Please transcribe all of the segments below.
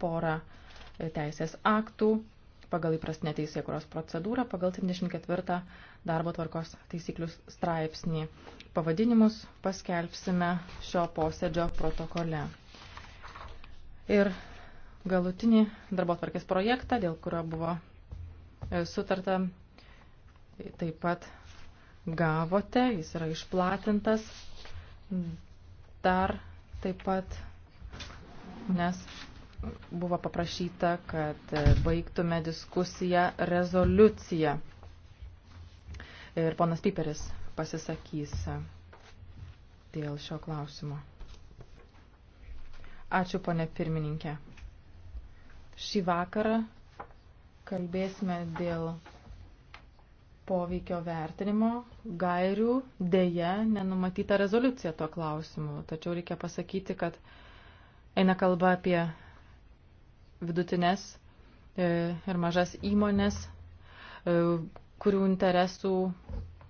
porą e, teisės aktų pagal įprastinę teisėkuros procedūrą, pagal 74 darbo tvarkos taisyklių straipsnį. Pavadinimus paskelbsime šio posėdžio protokole. Ir galutinį darbo tvarkės projektą, dėl kurio buvo e, sutarta, e, taip pat gavote, jis yra išplatintas. Dar taip pat, nes buvo paprašyta, kad e, baigtume diskusiją rezoliuciją. Ir ponas Piperis pasisakys e, dėl šio klausimo. Ačiū, ponė pirmininkė. Šį vakarą kalbėsime dėl poveikio vertinimo gairių dėja nenumatyta rezoliucija tuo klausimu. Tačiau reikia pasakyti, kad eina kalba apie vidutinės e, ir mažas įmonės, e, kurių interesų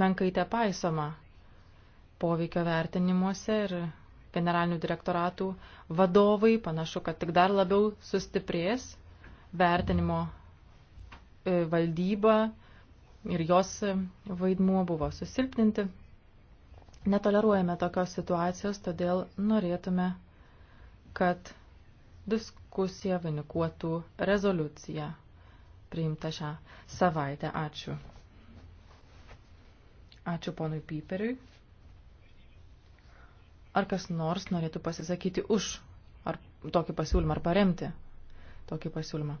menkai te paisoma poveikio vertinimuose ir generalinių direktoratų vadovai panašu, kad tik dar labiau sustiprės vertinimo e, valdyba ir jos vaidmuo buvo susilpninti. Netoleruojame tokios situacijos, todėl norėtume, kad diskusija vainikuotų rezoliucija priimta šią savaitę. Ačiū. Ačiū ponui Piperiui. Ar kas nors norėtų pasisakyti už ar tokį pasiūlymą, ar paremti tokį pasiūlymą?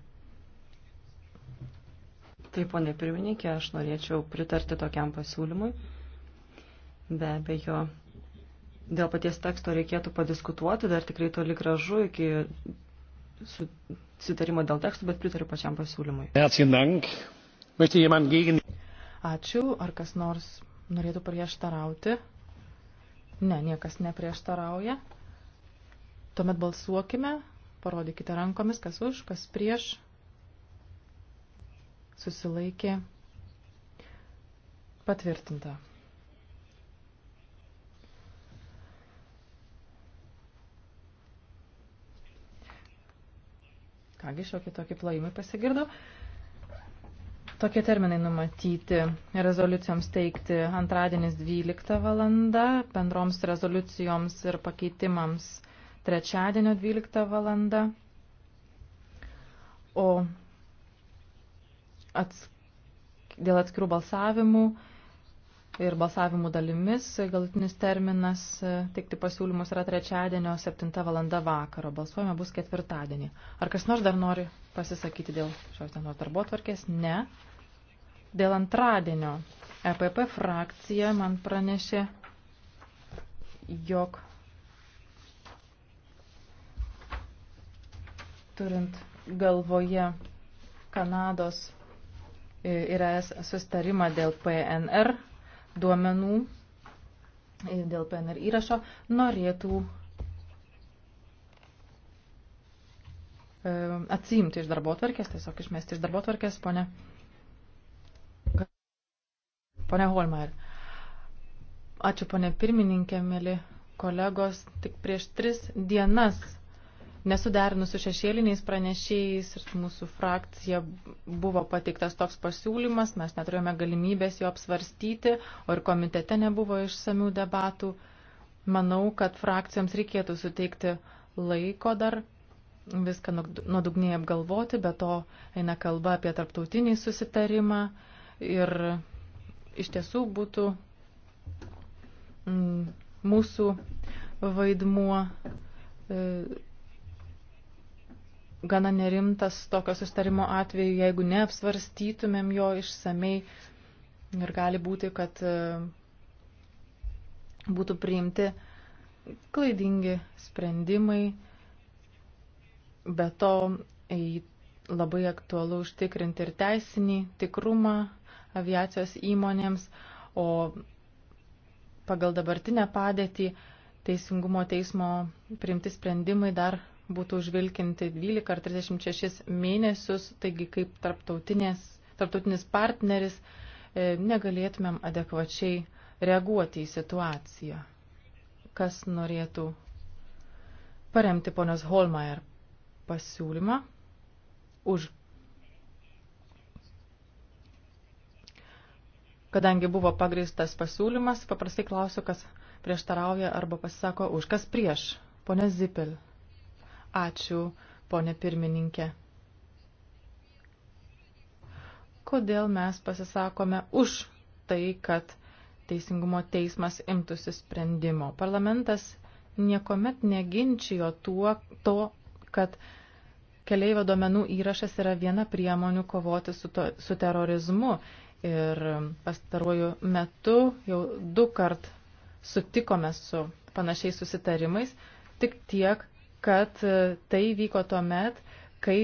Taip, ponė pirmininkė, aš norėčiau pritarti tokiam pasiūlymui. Be abejo, Dėl paties teksto reikėtų padiskutuoti, dar tikrai toli gražu iki sutarimo dėl tekstų, bet pritariu pačiam pasiūlymui. Ačiū. Ar kas nors norėtų prieštarauti? Ne, niekas neprieštarauja. Tuomet balsuokime, parodykite rankomis, kas už, kas prieš. Susilaikė. Patvirtinta. Kągi, šiokie tokie plojimai pasigirdo. Tokie terminai numatyti rezoliucijoms teikti antradienis 12 valanda, bendroms rezoliucijoms ir pakeitimams trečiadienio 12 valanda. O ats, dėl atskirų balsavimų ir balsavimų dalimis. Galutinis terminas e, teikti pasiūlymus yra trečiadienio 7 valanda vakaro. Balsuojame bus ketvirtadienį. Ar kas nors dar nori pasisakyti dėl šios dienos darbo tvarkės? Ne. Dėl antradienio EPP frakcija man pranešė, jog turint galvoje Kanados e, ir ES sustarimą dėl PNR duomenų dėl PNR įrašo norėtų atsiimti iš darbo tvarkės, tiesiog išmesti iš darbo tvarkės, ponė, ponė Holmeier. Ačiū, ponė pirmininkė, mėly kolegos, tik prieš tris dienas Nesuderinus su šešėliniais pranešėjais ir su mūsų frakcija buvo pateiktas toks pasiūlymas, mes neturėjome galimybės jo apsvarstyti, o ir komitete nebuvo išsamių debatų. Manau, kad frakcijoms reikėtų suteikti laiko dar viską nuodugniai apgalvoti, bet to eina kalba apie tarptautinį susitarimą ir iš tiesų būtų mm, mūsų vaidmuo e, gana nerimtas tokio sustarimo atveju, jeigu neapsvarstytumėm jo išsamei ir gali būti, kad e, būtų priimti klaidingi sprendimai, be to labai aktualu užtikrinti ir teisinį tikrumą aviacijos įmonėms, o pagal dabartinę padėtį Teisingumo teismo priimti sprendimai dar būtų užvilkinti 12 ar 36 mėnesius, taigi kaip tarptautinis partneris e, negalėtumėm adekvačiai reaguoti į situaciją. Kas norėtų paremti ponios Holmeier pasiūlymą už. Kadangi buvo pagrįstas pasiūlymas, paprastai klausiu, kas prieštarauja arba pasisako už. Kas prieš? Pone Zipel. Ačiū, ponė pirmininkė. Kodėl mes pasisakome už tai, kad Teisingumo teismas imtųsi sprendimo? Parlamentas niekuomet neginčijo tuo, to, kad keleivio duomenų įrašas yra viena priemonių kovoti su, to, su terorizmu. Ir pastaruoju metu jau du kart sutikome su panašiais susitarimais, tik tiek, kad e, tai vyko tuo met, kai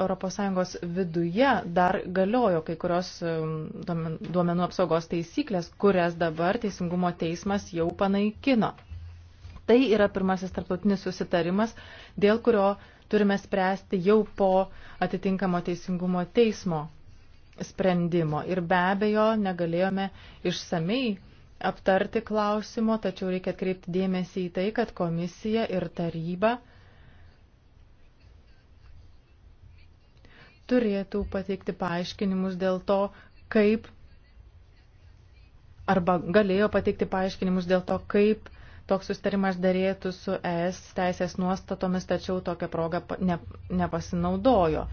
ES viduje dar galiojo kai kurios duomenų apsaugos taisyklės, kurias dabar Teisingumo teismas jau panaikino. Tai yra pirmasis tarptautinis susitarimas, dėl kurio turime spręsti jau po atitinkamo Teisingumo teismo sprendimo. Ir be abejo, negalėjome išsamei aptarti klausimo, tačiau reikia atkreipti dėmesį į tai, kad komisija ir taryba turėtų pateikti paaiškinimus dėl to, kaip arba galėjo pateikti paaiškinimus dėl to, kaip toks sustarimas dėrėtų su ES teisės nuostatomis, tačiau tokią progą ne, nepasinaudojo.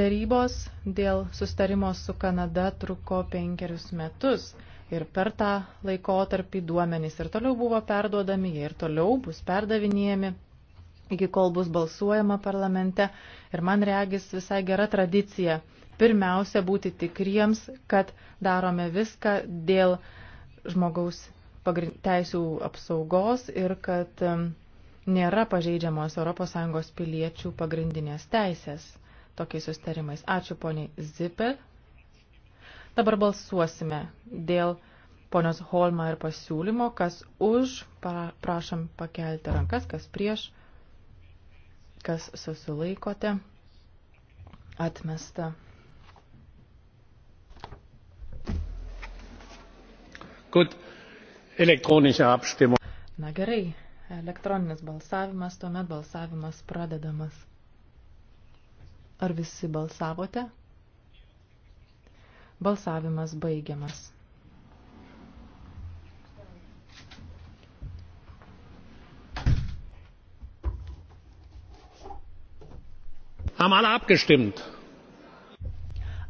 Darybos dėl sustarimo su Kanada truko penkerius metus ir per tą laikotarpį duomenys ir toliau buvo perduodami, jie ir toliau bus perdavinėjami, iki kol bus balsuojama parlamente. Ir man regis visai gera tradicija pirmiausia būti tikriems, kad darome viską dėl žmogaus teisų apsaugos ir kad nėra pažeidžiamos ES piliečių pagrindinės teisės tokiais sustarimais. Ačiū poniai Zipel. Dabar balsuosime dėl ponios Holma ir pasiūlymo, kas už, prašom pakelti rankas, kas prieš, kas susilaikote, atmesta. Gut, elektroninė apštimo. Na gerai, elektroninis balsavimas, tuomet balsavimas pradedamas. Ar visi balsavote? Balsavimas baigiamas. Haben alle abgestimmt?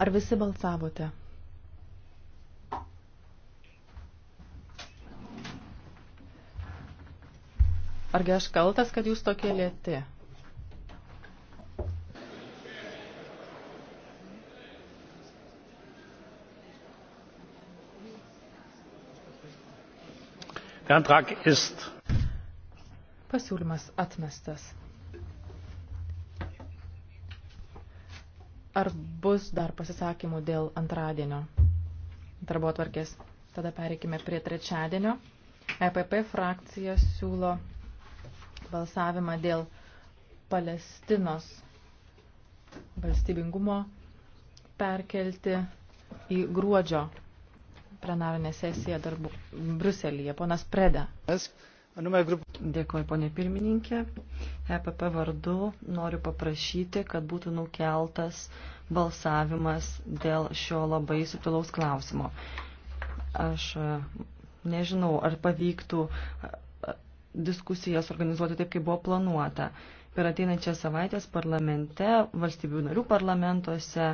Ar visi balsavote? Argi aš kaltas, kad jūs tokie lėti? Der Antrag ist. Pasiūlymas atmestas. Ar bus dar pasisakymų dėl antradienio darbo atvarkės? Tada pereikime prie trečiadienio. EPP frakcija siūlo balsavimą dėl Palestinos valstybingumo perkelti į gruodžio plenarinę sesiją darbų Bruselėje. Ponas Preda. Dėkuoju, ponė pirmininkė. EPP vardu noriu paprašyti, kad būtų nukeltas balsavimas dėl šio labai subtilaus klausimo. Aš e, nežinau, ar pavyktų e, diskusijas organizuoti taip, kaip buvo planuota. Per ateinančią savaitę parlamente, valstybių narių parlamentuose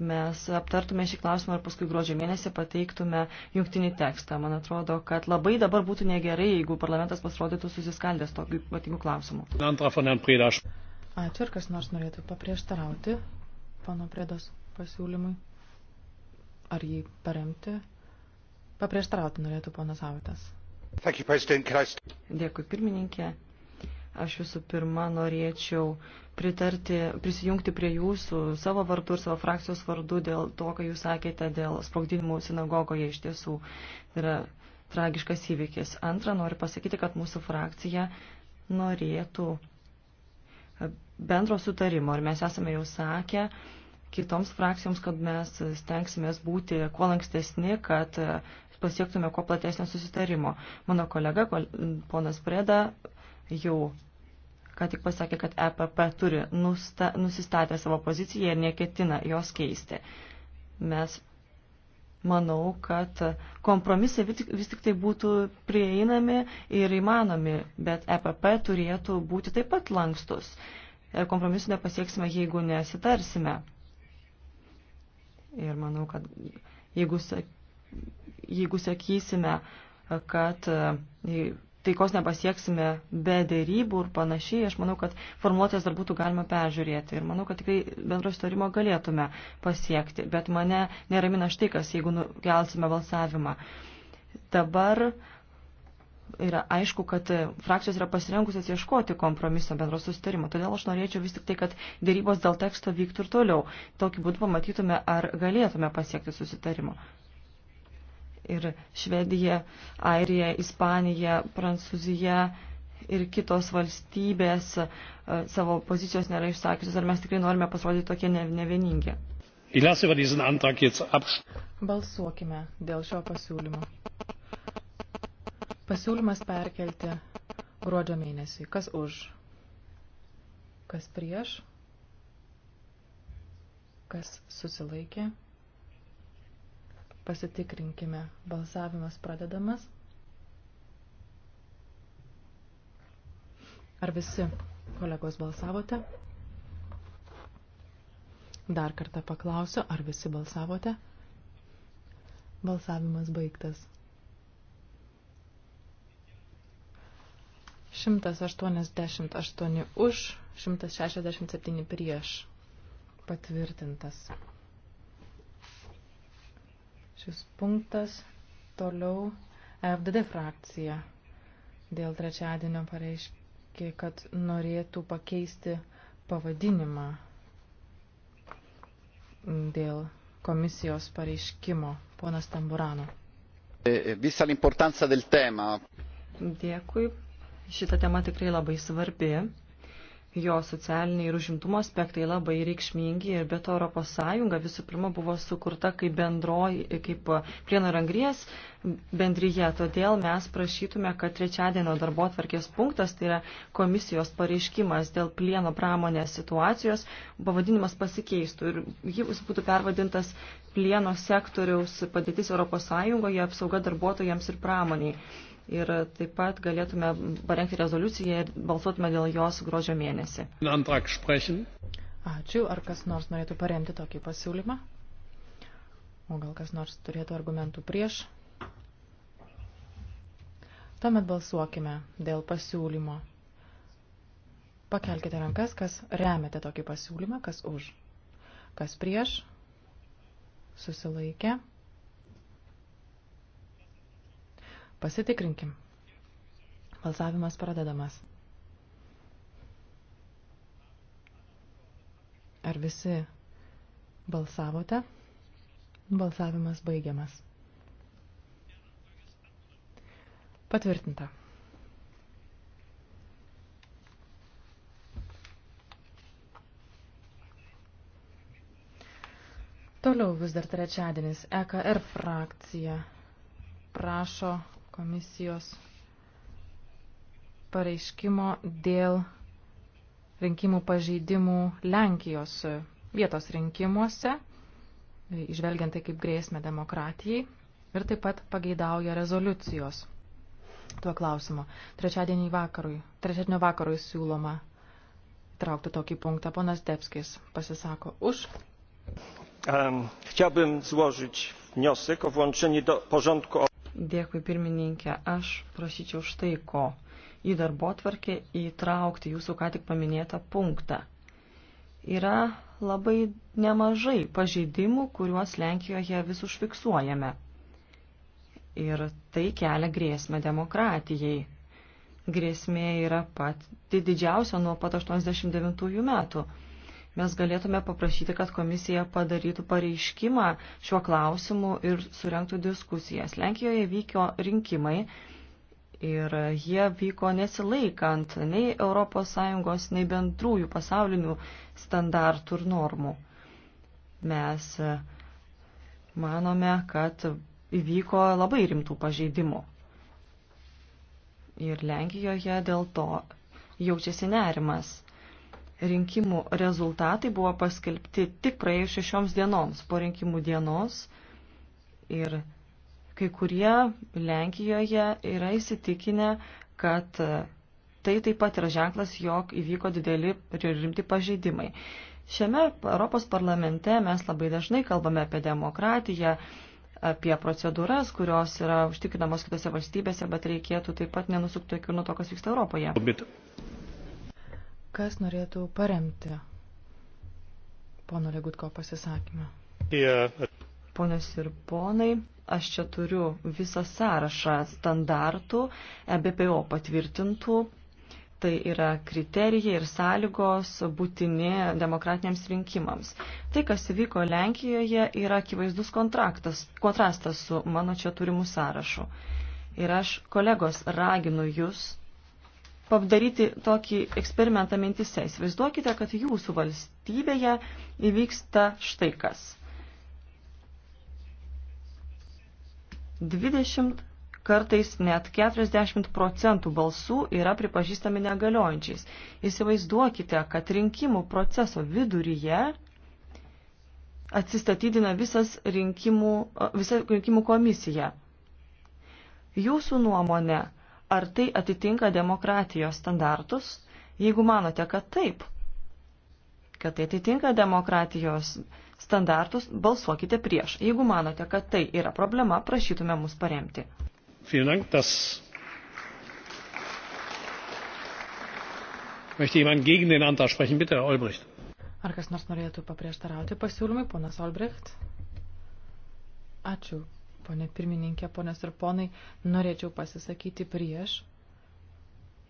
mes aptartume šį klausimą ir paskui gruodžio mėnesį pateiktume jungtinį tekstą. Man atrodo, kad labai dabar būtų negerai, jeigu parlamentas pasirodytų susiskaldęs tokiu ypatingu klausimu. Ačiū, ar kas nors norėtų paprieštarauti pano priedos pasiūlymui? Ar jį paremti? Paprieštarauti norėtų ponas Avitas. Dėkui, pirmininkė. Aš visų pirma norėčiau pritarti, prisijungti prie jūsų savo vardu ir savo frakcijos vardu dėl to, ką jūs sakėte dėl sprogdinimų sinagogoje iš tiesų tai yra tragiškas įvykis. Antra, noriu pasakyti, kad mūsų frakcija norėtų bendro sutarimo. Ir mes esame jau sakę kitoms frakcijoms, kad mes stengsimės būti kuo lankstesni, kad pasiektume kuo platesnio susitarimo. Mano kolega, ponas Preda, jau ką tik pasakė, kad EPP turi nusta, nusistatę savo poziciją ir neketina jos keisti. Mes manau, kad kompromisai vis, vis tik tai būtų prieinami ir įmanomi, bet EPP turėtų būti taip pat lankstus. Kompromisų nepasieksime, jeigu nesitarsime. Ir manau, kad jeigu, jeigu sakysime, kad taikos nepasieksime be dėrybų ir panašiai, aš manau, kad formuotės dar būtų galima peržiūrėti ir manau, kad tikrai bendro sutarimo galėtume pasiekti, bet mane neramina štai kas, jeigu nukelsime balsavimą. Dabar yra aišku, kad frakcijos yra pasirengusios ieškoti kompromiso bendro sustarimo. Todėl aš norėčiau vis tik tai, kad dėrybos dėl teksto vyktų ir toliau. Tokiu būdu pamatytume, ar galėtume pasiekti susitarimo ir Švedija, Airija, Ispanija, Prancūzija ir kitos valstybės e, savo pozicijos nėra išsakiusios, ar mes tikrai norime pasirodyti tokie nevieningi. Balsuokime dėl šio pasiūlymo. Pasiūlymas perkelti gruodžio mėnesį. Kas už? Kas prieš? Kas susilaikė? pasitikrinkime. Balsavimas pradedamas. Ar visi kolegos balsavote? Dar kartą paklausiu, ar visi balsavote? Balsavimas baigtas. 188 už, 167 prieš. Patvirtintas šis punktas. Toliau FDD frakcija dėl trečiadienio pareiškė, kad norėtų pakeisti pavadinimą dėl komisijos pareiškimo. Ponas Tamburano. E, e, Visa l'importanza del tema. Dėkui. Šita tema tikrai labai svarbi jo socialiniai ir užimtumo aspektai labai reikšmingi ir be to Europos Sąjunga visų pirma buvo sukurta kaip bendroji, kaip plieno rangrės bendryje. Todėl mes prašytume, kad trečiadienio darbo atvarkės punktas, tai yra komisijos pareiškimas dėl plieno pramonės situacijos, pavadinimas pasikeistų ir jis būtų pervadintas plieno sektoriaus padėtis Europos Sąjungoje, apsauga darbuotojams ir pramoniai ir taip pat galėtume parengti rezoliuciją ir balsuotume dėl jos gruodžio mėnesį. Ačiū. Ar kas nors norėtų paremti tokį pasiūlymą? O gal kas nors turėtų argumentų prieš? Tuomet balsuokime dėl pasiūlymo. Pakelkite rankas, kas remiate tokį pasiūlymą, kas už, kas prieš, susilaikė. Pasitikrinkim. Balsavimas pradedamas. Ar visi balsavote? Balsavimas baigiamas. Patvirtinta. Toliau vis dar trečiadienis EKR er frakcija prašo komisijos pareiškimo dėl rinkimų pažeidimų Lenkijos vietos rinkimuose, išvelgiant tai kaip grėsmę demokratijai, ir taip pat pageidauja rezoliucijos tuo klausimu. Trečiadienį vakarui, trečiadienio vakarui siūloma traukti tokį punktą. Ponas Debskis pasisako už. Um, chciałbym złożyć wniosek o włączenie do porządku Dėkui pirmininkė, aš prašyčiau štai ko. Į darbo tvarkę įtraukti jūsų ką tik paminėtą punktą. Yra labai nemažai pažeidimų, kuriuos Lenkijoje vis užfiksuojame. Ir tai kelia grėsmę demokratijai. Grėsmė yra pat tai didžiausia nuo pat 89 metų mes galėtume paprašyti, kad komisija padarytų pareiškimą šiuo klausimu ir surenktų diskusijas. Lenkijoje vyko rinkimai ir jie vyko nesilaikant nei ES, nei bendrųjų pasaulinių standartų ir normų. Mes e, manome, kad įvyko labai rimtų pažeidimų. Ir Lenkijoje dėl to jaučiasi nerimas rinkimų rezultatai buvo paskelbti tik praėjus šešioms dienoms po rinkimų dienos ir kai kurie Lenkijoje yra įsitikinę, kad tai taip pat yra ženklas, jog įvyko dideli ir rimti pažeidimai. Šiame Europos parlamente mes labai dažnai kalbame apie demokratiją, apie procedūras, kurios yra užtikrinamos kitose valstybėse, bet reikėtų taip pat nenusukti akių nuo to, kas vyksta Europoje. Kas norėtų paremti pono Legutko pasisakymą? Ponios ir ponai, aš čia turiu visą sąrašą standartų, EBPO patvirtintų tai yra kriterijai ir sąlygos būtini demokratiniams rinkimams. Tai, kas įvyko Lenkijoje, yra akivaizdus kontrastas su mano čia turimu sąrašu. Ir aš, kolegos, raginu jūs padaryti tokį eksperimentą mintise. Įsivaizduokite, kad jūsų valstybėje įvyksta štai kas. 20 kartais net 40 procentų balsų yra pripažįstami negaliojančiais. Įsivaizduokite, kad rinkimų proceso viduryje atsistatydina visas rinkimų, visa rinkimų komisija. Jūsų nuomonė, ar tai atitinka demokratijos standartus? Jeigu manote, kad taip, kad tai atitinka demokratijos standartus, balsuokite prieš. Jeigu manote, kad tai yra problema, prašytume mus paremti. Ar kas nors norėtų paprieštarauti pasiūlymui, ponas Olbrecht? Ačiū, ponė pirmininkė, ponės ir ponai, norėčiau pasisakyti prieš,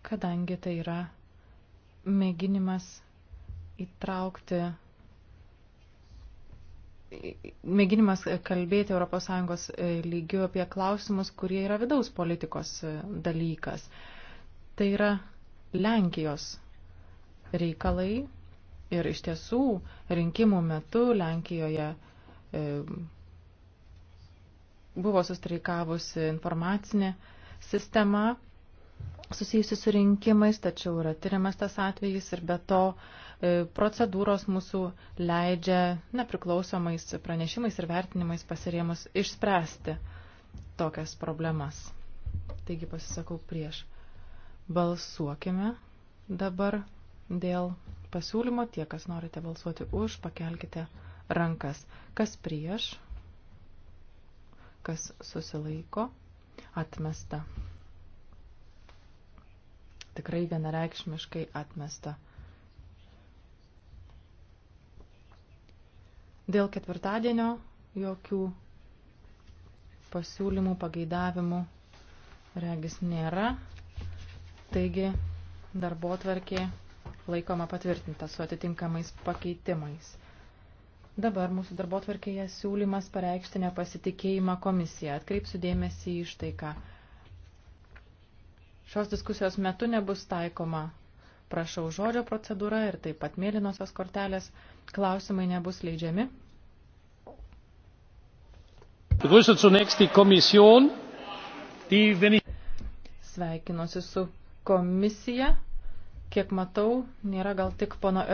kadangi tai yra mėginimas įtraukti, mėginimas kalbėti ES lygiu apie klausimus, kurie yra vidaus politikos dalykas. Tai yra Lenkijos reikalai ir iš tiesų rinkimų metu Lenkijoje e, buvo sustreikavusi informacinė sistema susijusi su rinkimais, tačiau yra tyriamas tas atvejis ir be to e, procedūros mūsų leidžia nepriklausomais pranešimais ir vertinimais pasirėmus išspręsti tokias problemas. Taigi pasisakau prieš. Balsuokime dabar dėl pasiūlymo. Tie, kas norite balsuoti už, pakelkite rankas. Kas prieš? kas susilaiko, atmesta. Tikrai vienareikšmiškai atmesta. Dėl ketvirtadienio jokių pasiūlymų, pageidavimų regis nėra. Taigi darbo tvarkė laikoma patvirtinta su atitinkamais pakeitimais. Dabar mūsų darbo tvarkėje siūlymas pareikšti nepasitikėjimą komisiją. Atkreipsiu dėmesį iš tai, ką. Šios diskusijos metu nebus taikoma prašau žodžio procedūra ir taip pat mėlynosios kortelės klausimai nebus leidžiami. Sveikinuosi su komisija. Kiek matau, nėra gal tik pono